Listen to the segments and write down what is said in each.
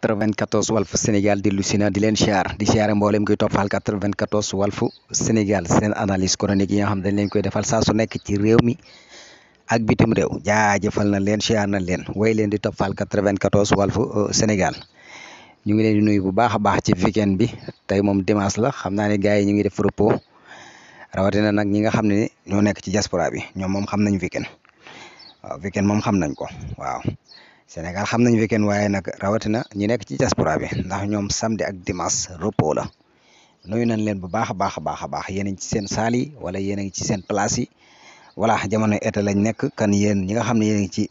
94 Walf Sénégal dellu si na di leen chair di siyaare mboolem koy toppal 94 Walf Sénégal seen analyse chronique yi nga xam dañ leen koy defal saa su nekk ci réew mi ak bitim réew jaajëfal na leen siyaar na leen way leen di toppal 94 Walf Sénégal ñu ngi leen di nuyu bu baax a baax ci weekend bi tey moom dimanche la xam naa ne gars yi ñu ngi def repos rawatina nag ñi nga xam ne ñoo nekk ci diaspora bi ñoom moom xam nañ weekend waaw weekend moom xam nañ ko waaw Sénégal xam nañ weekend waaye nag rawatina ñi nekk ci diaspora bi ndax ñoom samedi ak dimanche repos la nuyu nañ leen bu baax a baax a baax a baax yéen a ci seen saali wala yéen a ngi ci seen place yi voilà jamono été lañ nekk kan yéen ñi nga xam ne yéen ngi ci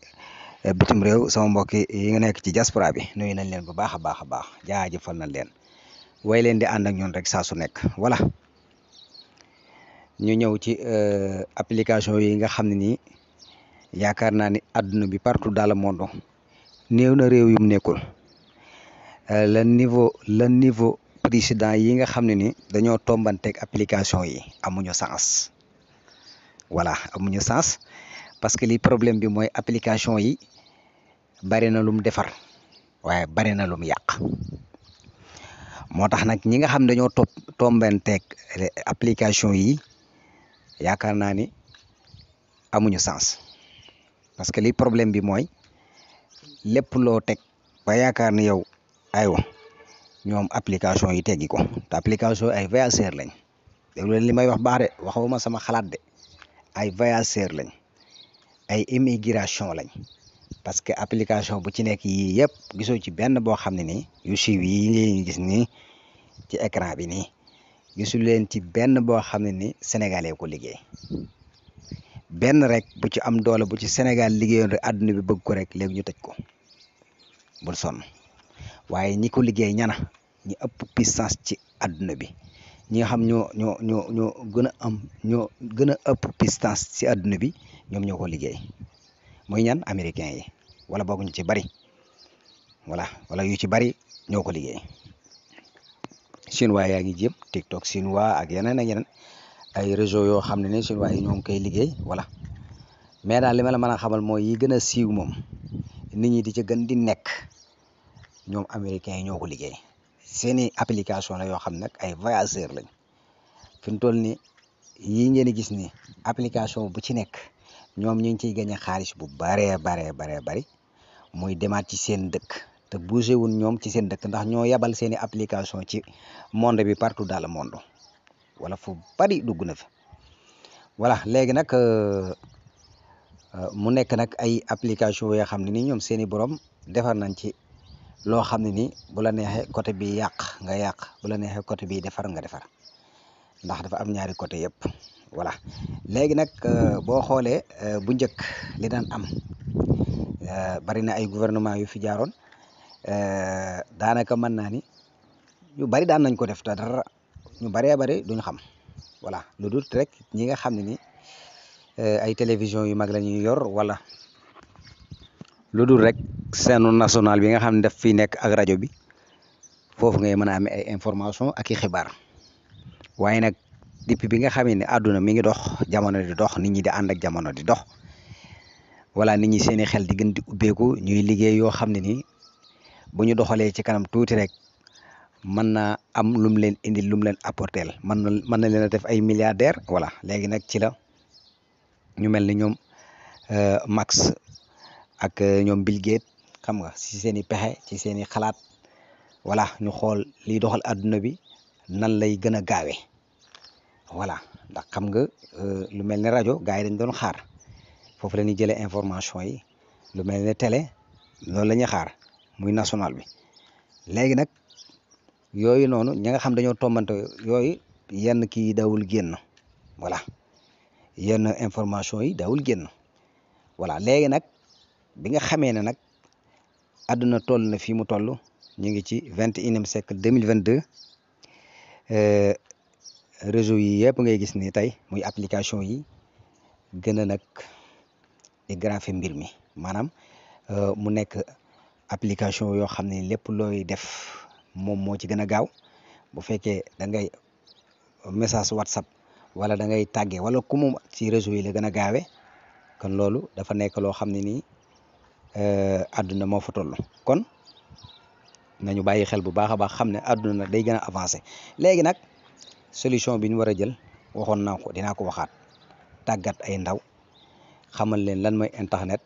eh, bitim réew sama mbokk yi nga nekk ci diaspora bi nuyu nañ leen bu baax a baax a baax jaajëfal nañ leen way leen di ànd ak ñoon rek saa su nekk voilà ñu ñëw ci euh, application yi nga xam ne nii yaakaar naa ni àdduna bi partout dans le monde néew na réew yum nekkul euh, le niveau le niveau président yi nga xam ne ni dañoo tombanteeg application yi amuñu sens voilà amuñu sens parce que li problème bi mooy application yi bari na lum defar waaye bari na lum yàq moo tax nag ñi nga xam dañoo topp tombanteeg euh, application yi yaakaar naa ni amuñu sens parce que li problème bi mooy lépp loo teg ba yaakaar ni yow aywa ñoom application yi teggi ko te application ay voyageur lañ déglu li may wax baax de waxuma sama xalaat de ay voyageur lañ ay immigration lañ parce que application bu ci nekk yi yëpp gisoo ci benn boo xam ne ni yu siiw yi ngeen gis nii ci écran bi nii gisul leen ci benn boo xam ne ni sénégalais ko liggéey benn rek bu ci am doole bu ci Sénégal liggéeyoon rek àdduna bi bëgg ko rek léegi ñu tëj ko bul son waaye ñi ko liggéey ñana ñi ëpp puissance ci àdduna bi ñi nga xam ñoo ñoo ñoo ñoo gën a am ñoo gën a ëpp puissance ci àdduna bi ñoom ñoo ko liggéey muy ñan américain yi wala boog ñu ci bari voilà wala yu ci bari ñoo ko liggéey chinois yaa ngi jéem TikTok chinois ak yeneen ak yeneen ay réseaux yoo xam ne ne chinois yi ñoo ngi koy liggéey voilà mais daal li ma la mën a xamal mooy yi gën a siiw moom nit ñi di ca gën di nekk ñoom américains yi ñoo ko liggéey seeni application la yoo xam nag ay voyageurs lañ fi mu toll ni yii ngeen gis ni application bu ci nekk ñoom ñu ngi ciy gañe xaaris bu baree baree baree bari muy demaat ci seen dëkk te bougé wun ñoom ci seen dëkk ndax ñoo yabal seeni application ci monde bi partout dans le monde wala fo bari dugg na fi voilà léegi nag euh, euh, mu nekk nag ay application yoo xam ne ni ñoom seeni borom defar nañ ci loo xam ne ni bu la neexee côté bi yàq nga yàq bu la neexee côté bi defar nga defar ndax dafa am ñaari côté yëpp voilà léegi nag euh, boo xoolee bu njëkk li daan am bari na ay gouvernement yu fi jaaroon Eh, daanaka mën naa ni ñu bari daan nañ ko def te dara ñu bëree bari duñ xam voilà lu dul rek ñi nga xam ne ni eh, ay télévision yu mag la yor wala lu dul rek seenu national bi nga xam ne daf fi nekk ak rajo bi foofu ngay mën a amee ay information ak i xibaar waaye nag depuis bi nga xam ne àdduna mi ngi dox jamono di dox nit ñi di ànd ak jamono di dox wala ni ñi seeni xel di gën ñuy liggéey yoo xam ne nii bu ñu doxalee ci kanam tuuti rek mën na am lu mu leen indil lu mu leen apporteel mën na mën na leen a def ay milliardaire voilà léegi nag ci la ñu mel ni ñoom euh, Max ak euh, ñoom Bill Gates xam nga si seen i pexe ci seen i xalaat voilà ñu xool liy doxal àdduna bi nan lay gën a gaawee voilà ndax xam nga euh, lu mel ne rajo gars yi dañ doon xaar foofu la ñuy jëlee information yi lu mel ne télé loolu la ñuy xaar muy national bi léegi nag yooyu noonu ñi nga xam dañoo tombante yooyu yenn kii dawul génn voilà yenn information yi dawul génn voilà léegi nag bi nga xamee ne nag àdduna toll na fii mu toll ñu ngi ci vingt et unième siècle deux mille vingt deux euh, réseau yi yëpp ngay gis ni tey muy application yi gën nag di grafe mbir mi maanaam euh, mu nekk application yoo xam ne lépp looy def moom moo ci gën a gaaw bu fekkee da ngay message WhatsApp wala da ngay tàggee wala ku mu ci réseau yi la gën gaawee kon loolu dafa nekk loo xam ne nii euh, àdduna moo fa toll kon nañu bàyyi xel bu baax a baax xam ne na day gën a avancé léegi nag solution bi ñu war a jël waxoon naa ko dinaa ko waxaat tàggat ay ndaw xamal leen lan mooy internet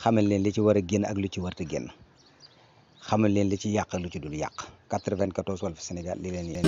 xamal leen li ci war a génn ak lu ci warta génn xamal leen li ci yàq ak lu ci dul yàq 94 Walf Sénégal li leen leen